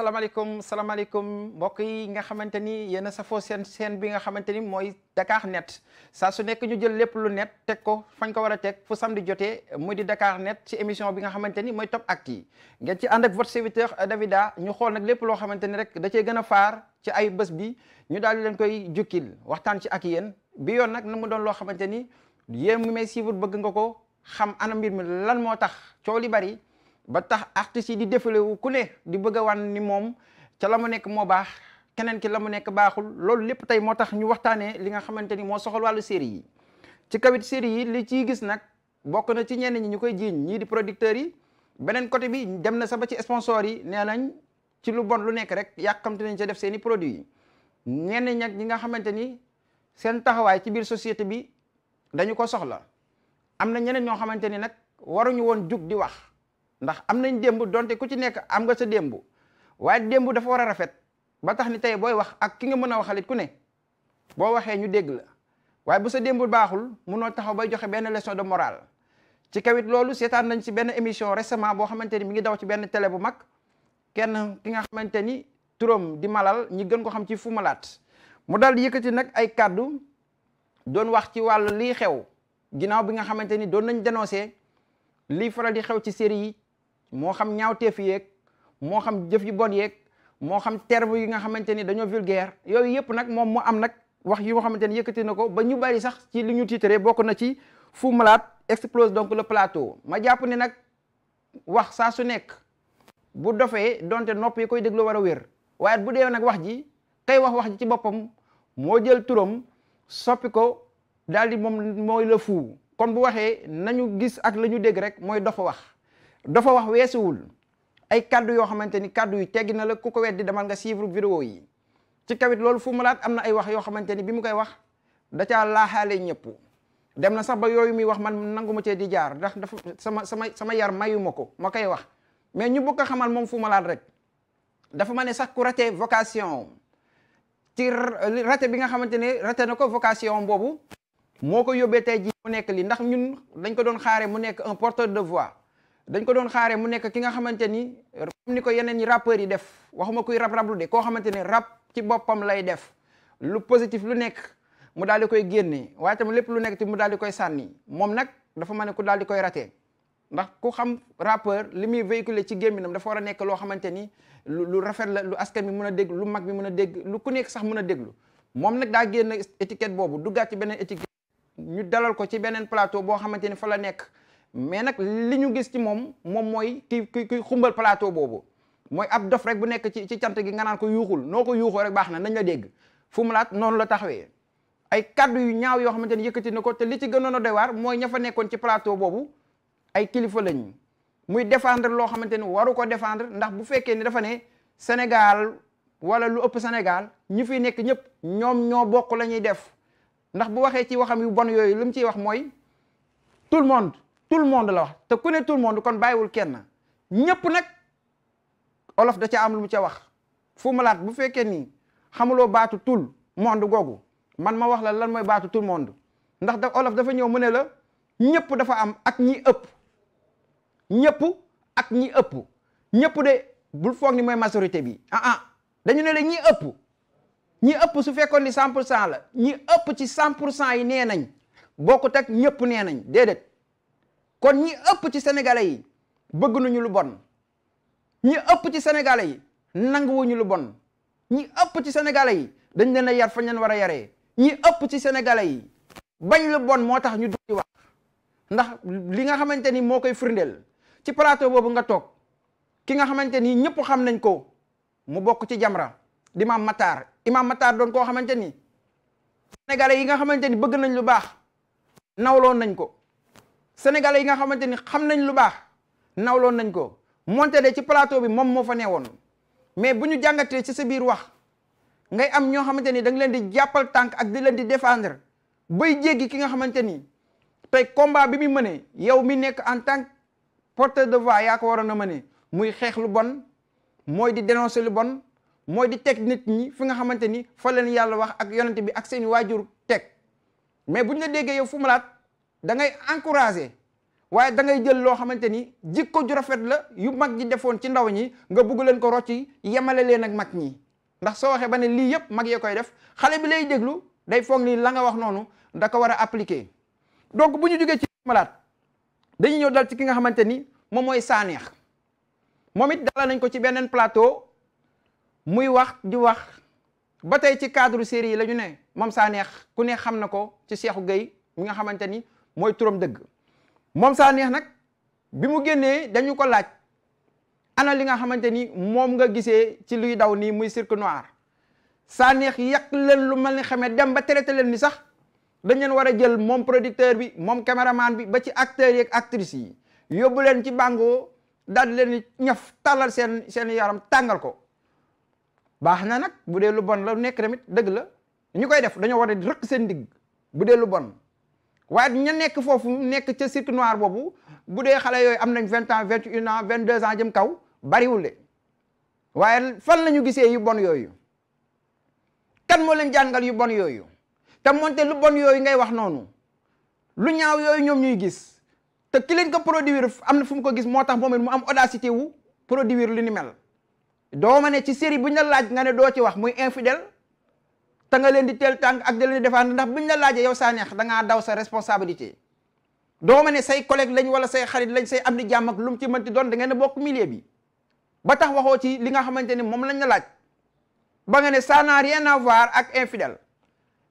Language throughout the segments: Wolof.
salaamaaleykum salaamaaleykum mbokk yi nga xamante ni yéen a safoo seen bi nga xamante ni mooy Dakar Net saa su nekk ñu jël lépp lu net teg ko fañ ko war a teg fu samedi jotee muy di Dakar Net ci émission bi nga xamante ni mooy top actu yi ngeen ci ànd ak votre serviteur Davida ñu xool nag lépp loo xamante ni rek da cee gën a faar ci ay bés bi ñu daal di leen koy jukkil waxtaan ci ak yéen bi yoon nag na mu doon loo xamante ni yéen mi may suivre bëgg nga ko xam ana mbir mi lan moo tax coow li bari. ba tax artistes yi di défilé wu ku ne di bëgg a wan ni moom ca la mu nekk moo baax keneen ki la mu nekk baaxul loolu lépp tey moo tax ñu waxtaanee li nga xamante ni moo soxal wàllu série yi ci kawit série yi li ciy gis nag bokk na ci ñenn ñi ñu koy jiiñ ñii di producteurs yi beneen côté bi dem na sa ba ci sponsors yi nee nañ ci lu bon lu rek yàqamte nañ ca def seen i produits yi ñenn ñag ñi nga xamante ni seen taxawaay ci biir société bi dañu ko soxla am na ñeneen ñoo xamante ni nag waruñu woon jug di wax ndax am nañ démb donte ku ci nekk am nga sa démb waaye démb dafa war a rafet ba tax ni tey booy wax ak ki nga mën a waxalit ku ne boo waxee ñu dégg la waaye bu sa démb baaxul munoo taxaw bay joxe benn leçon de morale ci kawit loolu seetaan nañ si benn émission récemment boo xamante ni mu ngi daw ci benn télé bu mag kenn ki nga xamante ni turam di malal ñi gën ko xam ci fu malaat mu dal di yëkkati nag ay kàddu doon wax ci wàll lii xew ginnaaw bi nga xamante ni doon nañ dénoncé lii faral di xew ci série yi moo xam ñaaw ñaawteef yeeg moo xam jëf yi bon yeeg moo xam terme yi nga xamante ni dañoo vulgaire yooyu yëpp nag moom mu am nag wax yi nga xamante ni yëkkati na ko ba ñu bari sax ci li ñu tiitaree bokk na ci Fou malaat explose donc le plateau ma jàpp ni nag wax saa su nekk bu dofee donte nopp yi koy déglu war a wér waaye bu dee nag wax ji kay wax wax ji ci boppam moo jël turam soppi ko daal di moom mooy la fu kon bu waxee nañu gis ak la ñu dégg rek mooy dofa wax dafa wax weesuwul ay kàddu yoo xamante ni kaddu yu teggi na la ku ko weddi demal nga suivre vidéo yi ci kawit loolu fu mu am na ay wax yoo xamante ni bi mu koy wax da caa laaxaale ñëpp dem na sax ba yooyu muy wax man nanguma cee di jaar ndax dafa sama sama sama yar mayuma ko ma koy wax mais ñu bëgg ko xamal moom fu mu laat rek dafa ma ne sax ku raté vocation ci rate bi nga xamante ne raté na ko vocation boobu moo ko yóbbee tey ji mu nekk li ndax ñun dañ ko doon xaare mu nekk un porteur de voix dañ ko doon xaaree mu nekk ki nga xamante ni ni ko yeneen ñi rappeurs yi def waxuma kuy rap rap lu de koo xamante ne rab ci boppam lay def lu positif lu nekk mu daal di koy génne waaye tamit lépp lu nekk ti mu daal di koy sànni moom nag dafa ma ne ku daal di koy rate ndax ku xam rappeur li muy véhiculer ci gémminam dafa war a nekk loo xamante ni lu lu rafet la lu askan bi mun a dégg lu mag mi mën a dégg lu ku nekk sax mun a déglu moom nag daa génn étiquette boobu duggaat ci beneen étiquette ñu dalal ko ci beneen boo xamante ni fa la nekk mais nag li ñu gis ci moom moom mooy ki ki ki xumbal plateau boobu mooy ab dof rek bu nekk ci ci cant gi nga naan ko yuuxul noo ko yuuxoo rek baax na nañ la dégg fu mu laat noonu la taxawee ay kaddu yu ñaaw yoo xamante ni yëkkati na ko te li ci gënoon a doy mooy ña fa nekkoon ci plateau boobu ay kilifa lañ muy défendre loo xamante ni waru ko defendre ndax bu fekkee ni dafa ne Sénégal wala lu ëpp Sénégal ñi fi nekk ñëpp ñoom ñoo bokk la ñuy def ndax bu waxee ci waxam yu bon yooyu li ciy wax mooy tout le monde. tout le monde la wax te ku ne tout le monde kon bàyyiwul kenn ñëpp nag olof da ca am lu mu ca wax fu malaat bu fekkee nii xamuloo baatu tout le monde googu man ma wax la lan mooy baatu tout le monde ndax da olof dafa ñëw mu ne la ñëpp dafa am ak ñi ëpp ñëpp ak ñi ëpp ñëpp de bul foog ni mooy majorité bi ah ah dañu ne la ñi ëpp ñi ëpp su fekkoon ni 100 pour cent la ñi ëpp ci 100 pour cent yi nee nañ bokkut ak ñëpp nee nañ déedéet. kon ñi ëpp ci sénégalais yi bëgg nañu lu bon ñi ëpp ci sénégalais yi nanguwuñu lu bon ñi ëpp ci sénégalais yi dañ leen a yar fañ war a yaree ñi ëpp ci sénégalais yi bañ lu bon moo tax ñu du wax ndax li nga xamante ni moo koy firndeel ci plateau boobu nga toog ki nga xamante ni ñëpp xam nañ ko mu bokk ci Jamra di ma Imam Matar Imam Matar doon koo xamante ni sénégalais yi nga xamante ni bëgg nañ lu baax nawloon nañ ko sénégal yi nga xamante ni xam nañ lu baax nawloon nañ ko monte de ci plateau bi moom moo fa newoon mais bu ñu jàngatee ci sa biir wax ngay am ñoo xamante ni da leen di jàppal tànk ak di leen di défendre bay jéggi ki nga xamante ni tey combat bi muy mënee yow mi nekk en tant que porteur de voix yaa ko waroon a mënee muy xeex lu bon mooy di dénoncer lu bon mooy di teg nit ñi fi nga xamante ni fa leen yàlla wax ak yonent bi ak seen waajur teg mais bu ñu la déggee yow fu mu da ngay encouragé waaye dangay jël loo xamante ni jikko ju rafet la yu mag ji defoon ci ndaw ñi nga bugg leen ko rocci yemale leen ak mag ñi ndax soo waxee ba ne lii yëpp mag yee koy def xale bi lay déglu day foog ni la nga wax noonu da ko war a appliquer donc bu ñu jógee ci malaat dañu ñëw dal ci ki nga xamante ni moom mooy saaneex moom it dala nañ ko ci beneen plateau muy wax di wax ba tey ci cadre série yi la ñu ne moom saaneex ku ne xam na ko ci Cheikhou Gueye mi nga xamante ni mooy turam dëgg moom sa neex nag bi mu génnee dañu ko laaj ana li nga xamante ni moom nga gisee ci luy daw nii muy cirque noir saa neex yàq leen lu mel ni xamee dem ba traité leen ni sax dañ leen war a jël moom producteur bi moom caméraman bi ba ci acteurs yi ak actrices yi yóbbu leen ci bàngoo daal leen di ñaf tàllal seen seen yaram tàngal ko baax na nag bu dee lu bon la nekk tamit dëgg la ñu koy def dañoo war a rëkk seen digg bu dee lu bon waaye ña nekk foofu nekk ca cirque noir boobu bu dee xale yooyu am nañ vingt ans vingt un ans vingt deux ans jëm kaw bariwul de waaye fan la ñu gisee yu bon yooyu kan moo leen jàngal yu bon yooyu te moonte lu bon yooyu ngay wax noonu lu ñaaw yooyu ñoom ñuy gis te ki leen ko produire am na fu mu ko gis moo tax moom mu am audacité wu produire li ni mel doo ma ne ci série bu ñu la laaj nga ne doo ci wax muy infidèle te nga leen di teel tànk ak di leen di défendre ndax buñ la laajee yow saa neex da ngaa daw sa responsabilité doo ma ne say collègue lañ wala say xarit lañ say am di jàmm ak lu mu man mënti doon da ne bokk milieu bi ba tax waxoo ci li nga xamante ni moom lañ la laaj ba nga ne ça yenn rien voir ak infidel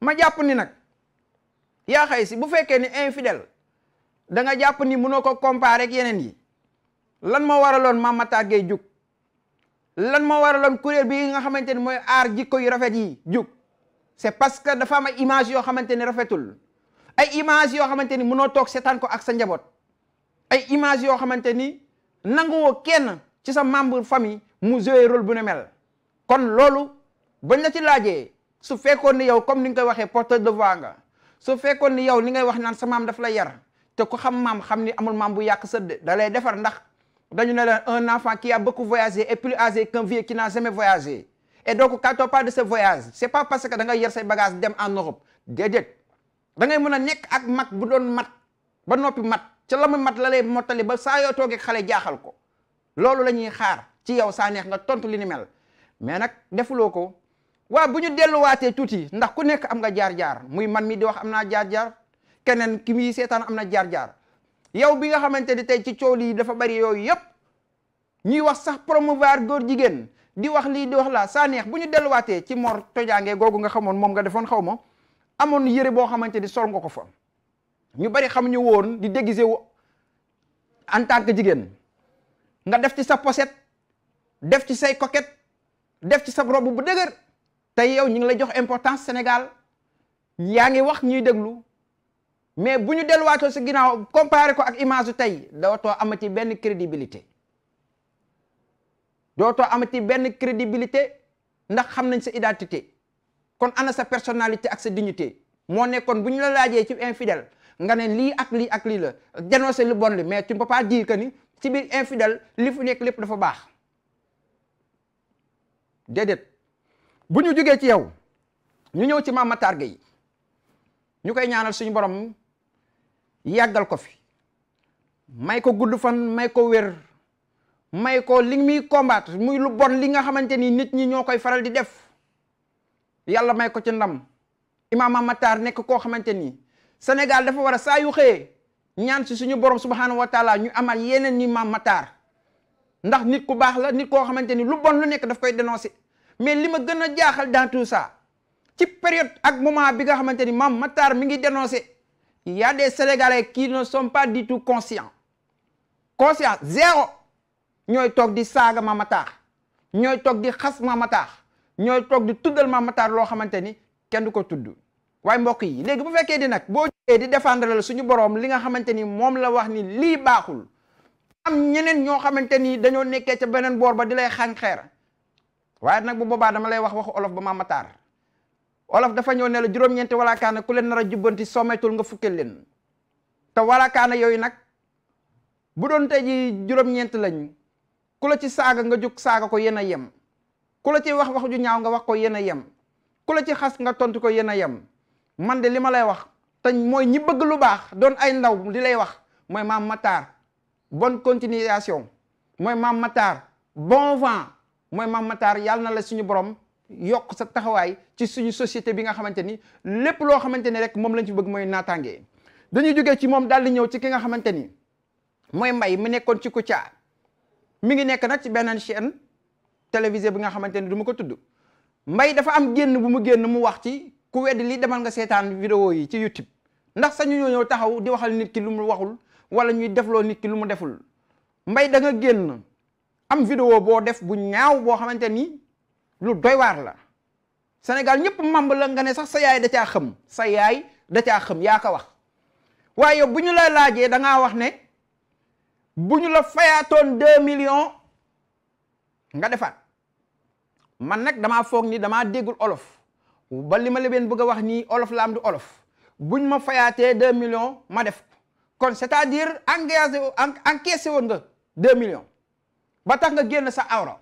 ma jàpp ni nag yaa xay si bu fekkee ni infidèle danga jàpp ni mënoo ko comparer ak yeneen yi lan moo waraloon Mame ma Gueye jug lan moo waraloon kuréel bi nga xamante ni mooy aar jikko yu rafet yi jug c'est parce que dafa ma ay image yoo xamante ni rafetul ay image yoo xamante ni mënoo toog seetaan ko ak sa njaboot ay image yoo xamante ni nanguwoo kenn ci sa membre famille mu joué rôle bu ne mel kon loolu bañ la ci laajee su fekkoon ne yow comme ni nga koy waxee porteur de voix nga su fekkoon ni yow li ngay wax naan sa maam daf la yar te ku xam maam xam ni amul maam bu yàq sëdd da lay defar ndax dañu ne la un enfant qui a beaucoup voyagé e plus âgé qu'un vieux qui n'a jamais voyagé et donc quand on parle de ce voyage c' est pas parce que da nga yer say bagage dem en Europe déedéet da ngay mën a nekk ak mag bu doon mat ba noppi mat ca la mu mat la lay mottali ba saa yoo toogee xale jaaxal ko loolu la ñuy xaar ci yow saa neex nga tontu li ni mel mais nag defuloo ko waaw bu ñu delluwaatee tuuti ndax ku nekk am nga jaar-jaar muy man mi di wax am naa jaar-jaar keneen ki muy seetaan am na jaar-jaar yow bi nga xamante ni tey ci coow lii dafa bari yooyu yëpp ñuy wax sax promouvoir góor jigéen di wax lii di wax laa saa neex bu ñu delluwaatee ci moor tojaange googu nga xamoon moom nga defoon xaw ma amoon yëre boo xamante ni sol nga ko fa ñu bari xam ñu woon di déguisé wu en tant que jigéen nga def ci sa pochette def ci say coquette def ci sa robe bu dëgër te yow ñu ngi lay jox importance Sénégal yaa ngi wax ñuy déglu mais bu ñu delluwaatoo si ginnaaw comparé ko ak image tey dawatoo amati benn crédibilité dootoo amati benn crédibilité ndax xam nañ sa identité kon am ana sa personnalité ak sa dignité moo nekkoon bu ñu la laajee ci infidèle nga ne lii ak lii ak lii la dénoncer lu bon li mais tu ne peux pas dire ni ci biir infidèle li fu nekk lépp dafa baax déedéet bu ñu jógee ci yow ñu ñëw ci Mame Matar Gueye ñu koy ñaanal suñu borom yàggal ko fi may ko gudd fan may ko wér may ko li muy combattre muy lu bon li nga xamante ni nit ñi ñoo koy faral di def yàlla may ko ci ndam Imaam Matar nekk koo xamante nii Sénégal dafa war a saa yu xëyee ñaan si suñu borom subhaanahu wa ñu amal yeneen ni Imaam Matar ndax nit ku baax la nit koo xamante ni lu bon lu nekk daf koy dénoncer mais li ma gën a jaaxal dans tout ci période ak moment bi nga xamante ni Imaam Matar mi ngi dénoncer y a kii Sénégalais qui ne sont pas du tout conscients conscience ñooy toog di saaga ma Matar ñooy toog di xas Mama mataax ñooy toog di tuddal Mama Matar loo xamante ni kenn du ko tudd waaye mbokk yi léegi bu fekkee di nag boo jógee di défendre la suñu borom li nga xamante ni moom la wax ni lii baaxul am ñeneen ñoo xamante ni dañoo nekkee ca beneen boor ba di lay xaañ nag bu boobaa dama lay wax waxu olof ba Mama Matar olof dafa ñëw ne la juróom-ñeenti walaakaana ku leen nar a jubbanti sommetul nga fukkil leen te walaakaana yooyu nag bu doon tey ji juróom-ñeent lañ ku la ci saaga nga jóg saaga ko yéen a yem ku la ci wax wax ju ñaaw nga wax ko yéen a yem ku la ci xas nga tontu ko yéen a yem man de li ma lay wax te mooy ñi bëgg lu baax doon ay ndaw li lay wax mooy maam Matar bonne continuation mooy maam Matar bon vent mooy maam mataar yàlla na la suñu borom yokk sa taxawaay ci suñu société bi nga xamante ni lépp loo xamante ni rek moom lañ ci bëgg mooy naataange dañuy jógee ci moom daal di ñëw ci ki nga xamante ni mooy mbay mu nekkoon ci Kouthia mi ngi nekk nag ci beneen chaîne télévisée bi nga xamante ne du ko tudd mbay dafa am génn bu mu génn mu wax ci ku weddi li demal nga seetaan vidéo yi ci YouTube ndax sañu ñoo ñëw taxaw di waxal nit ki lu mu waxul wala ñuy defloo nit ki lu mu deful mbay da nga génn am vidéo boo def bu ñaaw boo xamante ni lu doy waar la Sénégal ñëpp mamb la nga ne sax sa yaay da caa xam sa yaay da caa xam yaa ko wax waaye bu ñu la laajee da wax ne bu ñu la fayaatoon deux million nga defaat man nag damaa foog ni damaa déggul olof ba li ma la leen bëgg a wax nii olof laam du olof bu ñu ma fayaatee deux million ma def kon c'est-à-dire engagé encaissé woon nga deux millions ba tax nga génn sa awra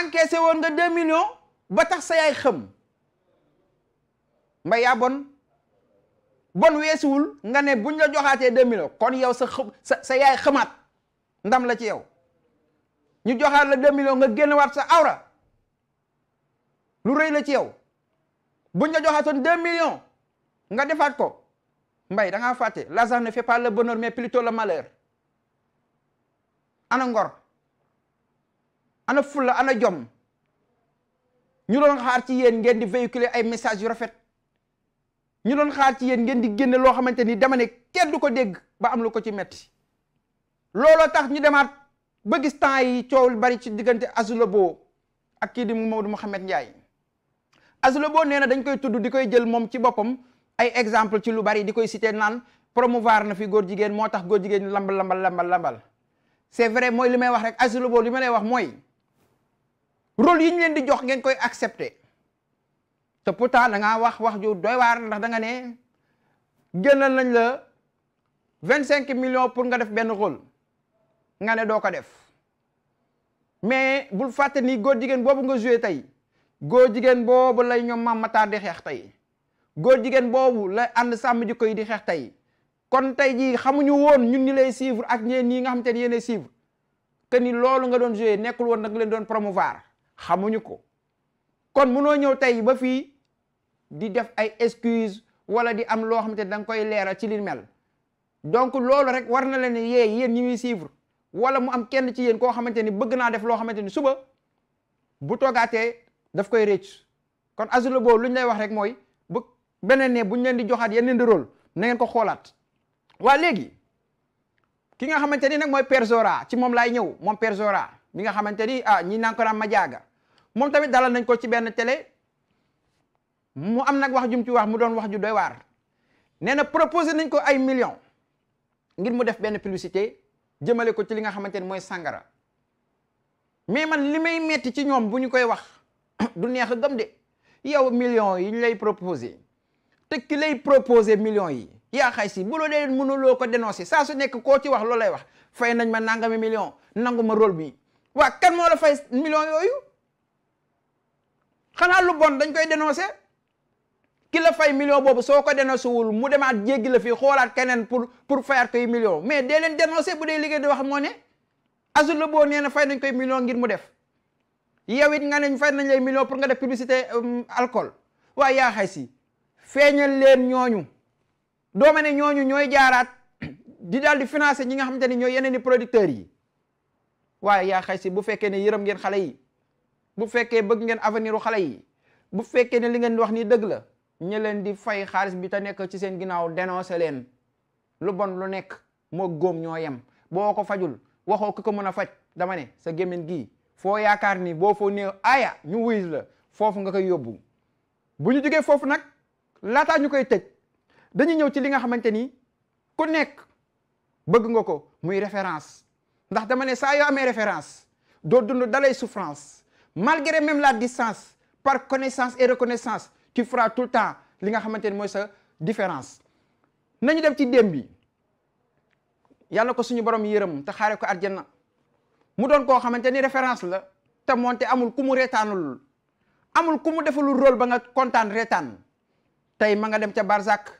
encaissé woon nga deux millions ba tax sa yaay xëm mbay yaa bon weesuwul nga ne buñ la joxaatee deux millions kon yow sa sa sa yaay xamaat ndam la ci yow ñu joxaat la deux millions nga génnewaat sa awra lu rëy la ci yow buñ la joxaatoon deux millions nga defaat ko mbay da ngaa fàtte l'argent ne fait pas le bonheur la plutôt le malheur ana ngor ana fulla ana jom ñu doon xaar ci yéen ngeen di véhiculer ay messages yu rafet ñu doon xaar ci yéen ngeen di génne loo xamante ni dama ne kenn du ko dégg ba am lu ko ci metti looloo tax ñu demaat ba gis temps yi coow lu bari ci diggante bo ak kii di Mamadou Mouhamed Ndiaye Azulabo nee na dañ koy tudd di koy jël moom ci boppam ay exemple ci lu bari di koy cité naan promouvoir na fi góor jigéen moo tax góor jigéen lambal lambal lambal lambal c'est vrai mooy li may wax rek bo li ma lay wax mooy rôle yi ñu leen di jox ngeen koy accepté te pourtant da ngaa wax wax ju doy waar ndax da nga ne génnal nañ la vingt cinq million pour nga def benn rôle nga ne doo ko def mais bul fàtte nii góor jigéen boobu nga joué tey góor jigéen boobu lay ñoom Mame Matar di xeex tey góor jigéen boobu lay ànd sàmm jikko yi di xeex tey kon tey jii xamuñu woon ñu ñi lay suivre ak ñeen ñii nga xam te ne yéenay suivre ni loolu nga doon joué nekkul woon nag leen doon promouvoir xamuñu ko kon munoo ñëw tey ba fii di def ay excuse wala di am loo xamante da nga koy leeral ci li mel donc loolu rek war na leen ne yee yéen ñi muy suivre wala mu am kenn ci yéen koo xamante ni bëgg naa def loo xamante ni suba bu toogaatee daf koy rëcc kon azula boobu lu ñu lay wax rek mooy bu beneen ne bu ñu leen di joxaat yeneen di rôle na ngeen ko xoolaat waa léegi ki nga xamante ni nag mooy persora ci moom laay ñëw moom persora mi nga xamante ni ah ñi naan ko naan ma moom tamit dalal nañ ko ci benn télé mu am nag wax jum ci wax mu doon wax ju doy waar nee na proposé nañ ko ay millions ngir mu def benn publicité jëmale ko ci li nga xamante ne mooy sàngara mais man li may metti ci ñoom bu ñu koy wax du neex a gëm de yow millions yi ñu lay proposé te ki lay proposé millions yi yaa xay si bu loo dee mënuloo ko dénoncé saa su nekk koo ci wax lay wax fay nañ ma nangami million nangu ma rôle bi waa kan moo la fay yooyu xanaa lu bon dañ koy dénoncé ki la fay million boobu soo ko dénoncé wul mu demaat jéggi la fii xoolaat keneen pour pour fayaat koy million mais dee leen dénoncé bu dee liggéey di wax moo ne azul la boo nee na fay nañ koy million ngir mu def yow it nga neñ fay nañ lay million pour nga def publicité euh, alcool waaye yaa xay si feeñal leen ñooñu dooma ne ñooñu ñooy jaaraat di daal di financé ñi nga xamante ni ñooy yeneen i producteurs yi waaye yaa xay si bu fekkee ne yërëm ngeen xale yi bu fekkee bëgg ngeen aveniru xale yi bu fekkee ne li ngeen di wax nii dëgg la ñi leen di fay xaalis bi ta nekk ci seen ginnaaw dénoncé leen lu bon lu nekk moo góom ñoo yem boo ko fajul waxoo ku ko mën a faj dama ne sa gémmiñ gii foo yaakaar ni boo foo néew aaya ñu wuyis la foofu nga yóbbu bu ñu foofu nag laataa ñu koy tëj dañu ñëw ci li nga xamante ni ku nekk bëgg nga ko muy référence ndax dama ne saa yoo amee référence doo dund dalay souffrance malgré même la distance par connaissance et reconnaissance tu feras tout le temps li nga xamante ni mooy sa différence nañu dem ci démb bi yàlla ko suñu borom yërëm te xaare ko na mu doon koo xamante ni référence la te moonte amul ku mu reetaanul amul ku mu defalul rôle ba nga kontaan reetaan tey ma nga dem ca Barzak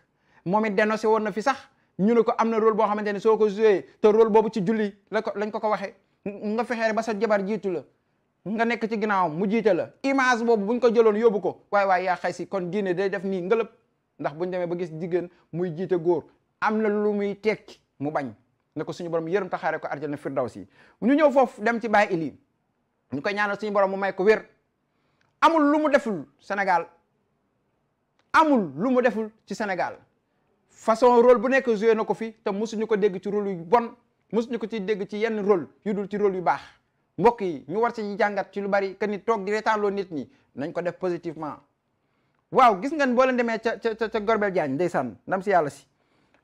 moom it dénoncé woon na fi sax ñu ne ko am na rôle boo xamante ne soo ko joué te rôle boobu ci julli la ko lañ ko ko waxee nga fexeere ba sa jabar jiitu la nga nekk ci ginnaawam mu jiite la image boobu bu buñ ko jëloon yóbbu ko waaye waaye yaa xay si kon diine day def nii ngëlëb ndax buñ demee ba gis jigéen muy jiite góor am na lu muy tekki mu bañ ne ko suñu borom yërëm taxaare ko arjana firdawsi ñu ñëw foofu dem ci bàyyi ili ñu koy ñaanal suñu borom mu may ko wér amul lu mu deful senegal amul lu mu deful ci senegal façon role bu nekk joué na ko fi te mosuñu ko dégg ci yu bon mosuñu ko ci dégg ci yenn rôle yu dul ci role yu baax mbokk yi ñu war ñu jàngat ci lu bari que ni toog di reetaanloo nit ñi nañ ko def positivement waaw gis ngeen boo leen demee ca ca ca Gorbel Diagne ndeysaan ndam si yàlla si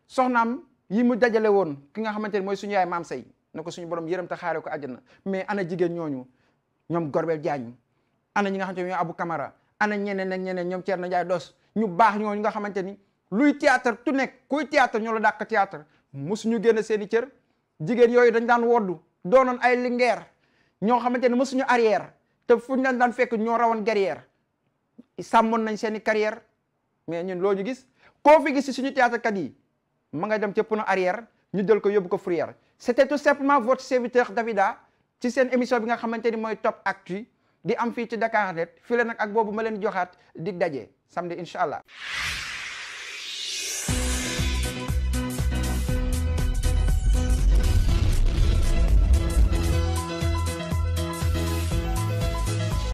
soxnaam yi mu dajale woon ki nga xamante ne mooy suñu yaay maam say na ko suñu borom yërëm te xaaree ko àjjana mais ana jigéen ñooñu ñoom Gorbel Diagne ana ñi nga xamante ne ñooy Abou Camara ana ñeneen ak ñeneen ñoom Thierno Ndiaye Dos ñu baax ñooñu nga xamante ni luy théâtre tu nekk kuy théâtre ñoo la mu su ñu génn seen i cër jigéen yooyu dañ daan woddu doonoon ay lingeer ñoo xamante ne suñu arrière te fu ñu daan fekk ñoo rawoon guerrière sàmmoon nañ seen i carrière mais ñun loo ñu gis koo fi gis si suñu théâtre kat yi ma nga dem ca pono arrière ñu jël ko yóbbu ko fourrière c' était tout simplement votre serviteur Davida ci seen émission bi nga xamante ni mooy Top Actu di am fii ci Dakar Net fii la nag ak boobu ma leen joxaat di daje samedi incha allah.